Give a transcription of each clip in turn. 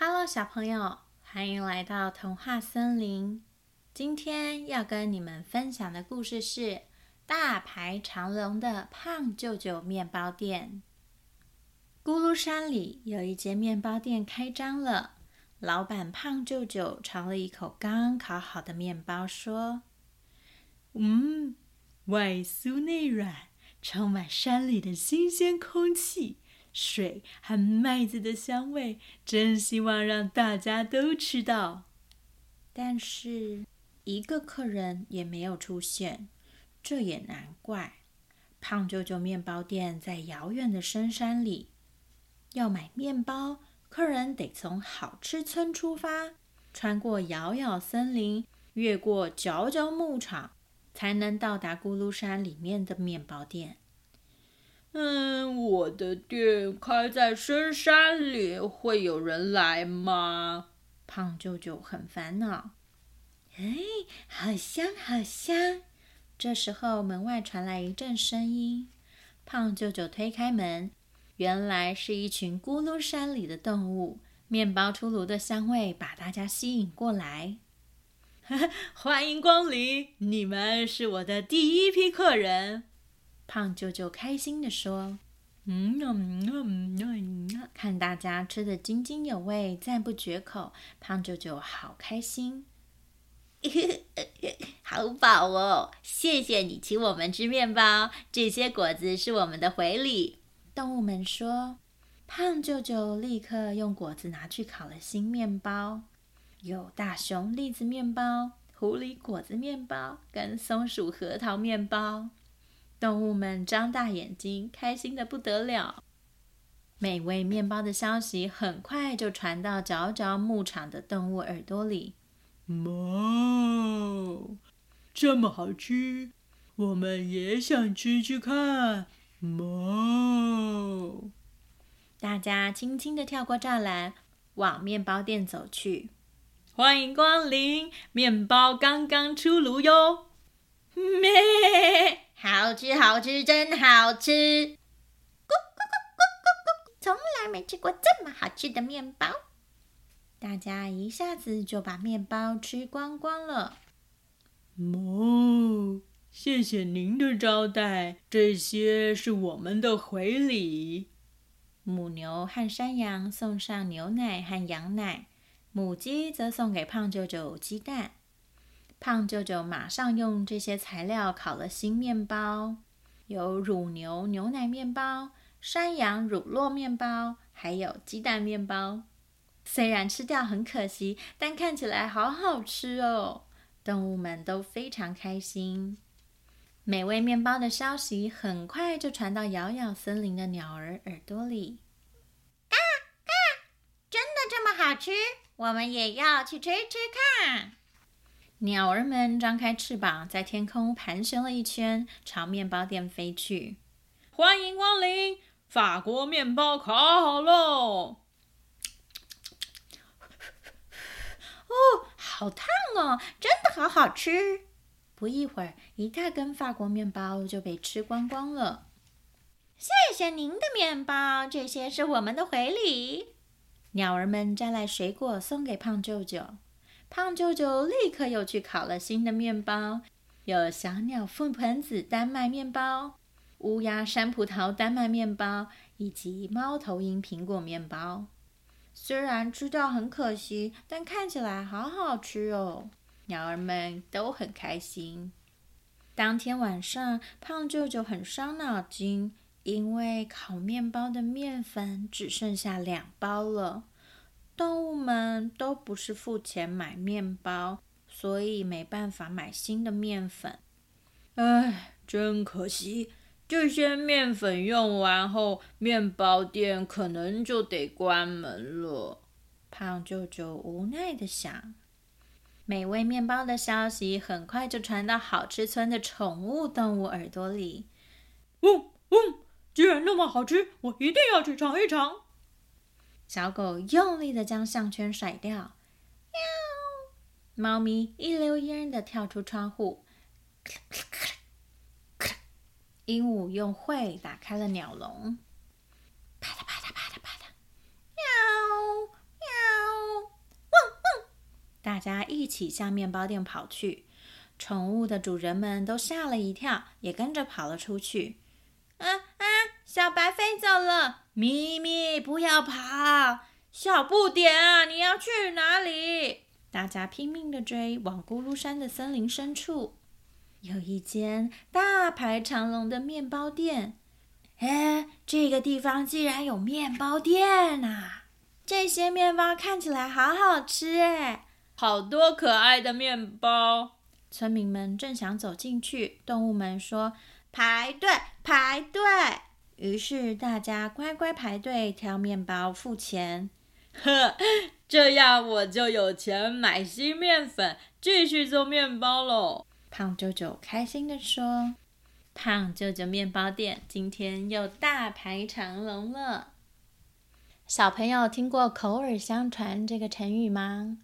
Hello，小朋友，歡迎來到童話森林。今天要跟你們分享的故事是《大排長龍的胖舅舅麵包店》。咕嚕山裡有一間麵包店開張了，老闆胖舅舅嘗了一口剛烤好的麵包，說：“嗯，外酥內軟，充滿山裡的新鮮空氣。”水和麥子的香味，真希望讓大家都吃到。但是，一個客人也沒有出現。這也難怪，胖舅舅麵包店在遙遠的深山裡。要買麵包，客人得從好吃村出發，穿過遙遙森林，越過皎皎牧場，才能到達咕嚕山裡面的麵包店。嗯，我的店開在深山裡，會有人來嗎？胖舅舅很煩惱。哎，好香，好香！這時候門外傳來一陣聲音。胖舅舅推開門，原來是一群咕嚕山裡的動物。麵包出爐的香味把大家吸引過來。歡迎光臨，你們是我的第一批客人。胖舅舅開心地說，嗯嗯嗯嗯嗯：“看大家吃得津津有味，讚不絕口，胖舅舅好開心， 好飽哦！謝謝你請我們吃面包，這些果子是我們的回禮。”動物們說：“胖舅舅立刻用果子拿去烤了新面包，有大熊栗子面包、狐狸果子面包跟松鼠核桃面包。”動物們張大眼睛，開心得不得了。美味麵包的消息很快就傳到角角牧場的動物耳朵裡。喵，這麼好吃，我們也想吃吃看。喵，大家輕輕地跳過柵欄，往麵包店走去。歡迎光臨，麵包剛剛出爐喲。咩。好吃，好吃，真好吃！咕咕咕咕咕咕，從來沒吃過這麼好吃的麵包。大家一下子就把麵包吃光光了。哦，謝謝您的招待，這些是我們的回禮。母牛和山羊送上牛奶和羊奶，母雞則送給胖舅舅雞蛋。胖舅舅馬上用這些材料烤了新麵包，有乳牛牛奶麵包、山羊乳酪麵包，還有雞蛋麵包。雖然吃掉很可惜，但看起來好好吃哦！動物們都非常開心。美味麵包的消息很快就傳到搖搖森林的鳥兒耳朵裡。嘎嘎、啊啊！真的這麼好吃？我們也要去吃吃看。鳥兒們張開翅膀，在天空盤旋了一圈，朝麵包店飛去。歡迎光臨！法國麵包烤好嘍！哦，好燙哦！真的好好吃。不一會兒，一大根法國麵包就被吃光光了。謝謝您的麵包，這些是我們的回禮。鳥兒們摘來水果送給胖舅舅。胖舅舅立刻又去烤了新的麵包，有小鳥覆盆子丹麥麵包、烏鴉山葡萄丹麥麵包以及貓頭鷹蘋果麵包。雖然吃掉很可惜，但看起來好好吃哦！鳥兒們都很開心。當天晚上，胖舅舅很傷腦筋，因為烤麵包的麵粉只剩下兩包了。動物們都不是付錢買麵包，所以沒辦法買新的麵粉。唉，真可惜，這些麵粉用完後，麵包店可能就得關門了。胖舅舅無奈地想。美味麵包的消息很快就傳到好吃村的寵物動物耳朵裡。嗯嗯，既然那麼好吃，我一定要去嘗一嘗。小狗用力的將項圈甩掉，喵！貓咪一溜煙的跳出窗戶，咔嚓咔嚓咔嚓！鸚鵡用喙打開了鳥籠，啪嗒啪嗒啪嗒啪嗒！喵喵！汪汪！大家一起向面包店跑去，寵物的主人們都嚇了一跳，也跟着跑了出去。啊！小白飛走了，咪咪不要跑，小不點啊，你要去哪裡？大家拼命地追，往咕嚕山的森林深處。有一間大排長龍的麵包店。哎，這個地方竟然有麵包店吶！這些麵包看起來好好吃哎，好多可愛的麵包。村民們正想走進去，動物們說：“排隊，排隊。”於是大家乖乖排隊挑麵包付錢，呵，這樣我就有錢買新麵粉，繼續做麵包嘍。胖舅舅開心地說：“胖舅舅麵包店今天又大排長龍了。”小朋友聽過“口耳相傳”這個成語嗎？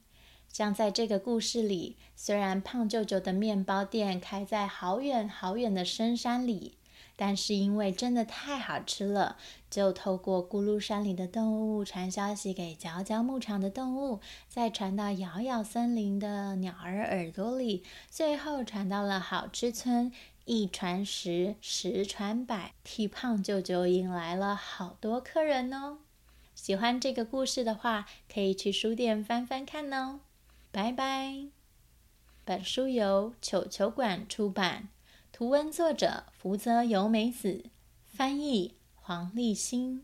像在這個故事裡，雖然胖舅舅的麵包店開在好遠好遠的深山裡。但是因為真的太好吃了，就透過咕嚕山裡的動物傳消息給角角牧場的動物，再傳到遙遙森林的鳥兒耳朵裡，最後傳到了好吃村。一傳十，十傳百，替胖舅舅引來了好多客人哦。喜歡這個故事的話，可以去書店翻翻看哦。拜拜。本書由球球館出版。圖文作者：福澤由美子，翻譯：黃立忻。